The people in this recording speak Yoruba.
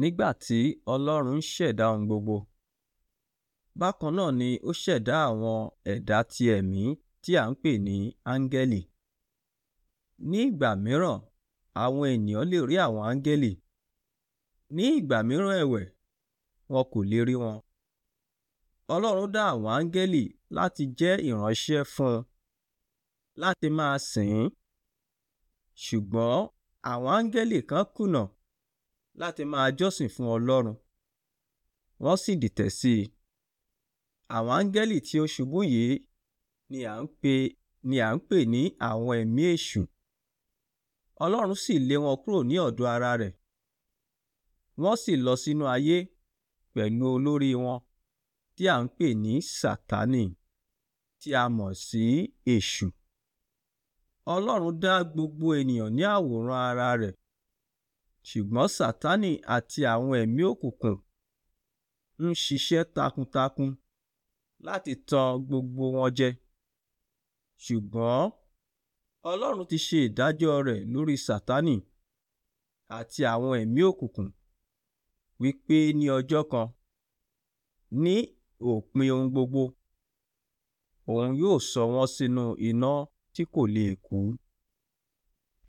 nígbà tí Ọlọ́run ṣẹ̀dá ohun gbogbo, bákan náà ni ó ṣẹ̀dá àwọn ẹ̀dá ti ẹ̀mí tí à ń pè ní áńgẹ́lì. Ní ìgbà mìíràn, àwọn ènìyàn lè rí àwọn áńgẹ́lì; ní ìgbà mìíràn ẹ̀wẹ̀, wọn kò lè rí wọn. Ọlọ́run dá àwọn áńgẹ́lì láti jẹ́ ìránṣẹ́ fún un láti máa sìn ín, ṣùgbọ́n àwọn áńgẹ́lì kan kùnà láti máa jọ́sìn fún Ọlọ́run wọ́n sì dìtẹ̀ sí i. Àwọn áńgẹ́lì tí ó ṣubú yìí ni à ń pè ni à ń pè ní àwọn ẹ̀mí èṣù. Ọlọ́run sì lé wọn kúrò ní ọ̀dọ̀ ara rẹ̀. Wọ́n sì lọ sínú ayé pẹ̀lú olórí wọn tí à ń pè ní Sátánì tí a mọ̀ sí èṣù. Ọlọ́run dá gbogbo ènìyàn ní àwòrán ara rẹ̀. Ṣùgbọ́n Sátánì àti àwọn ẹ̀mí òkùnkùn ń ṣiṣẹ́ takuntakun láti tan gbogbo wọn jẹ, ṣùgbọ́n Ọlọ́run ti ṣe ìdájọ́ rẹ̀ lórí Sátánì àti àwọn ẹ̀mí òkùnkùn wípé ní ọjọ́ kan, ní òpin ohun gbogbo, òun yóò sọ wọ́n sínú iná tí kò lè kú.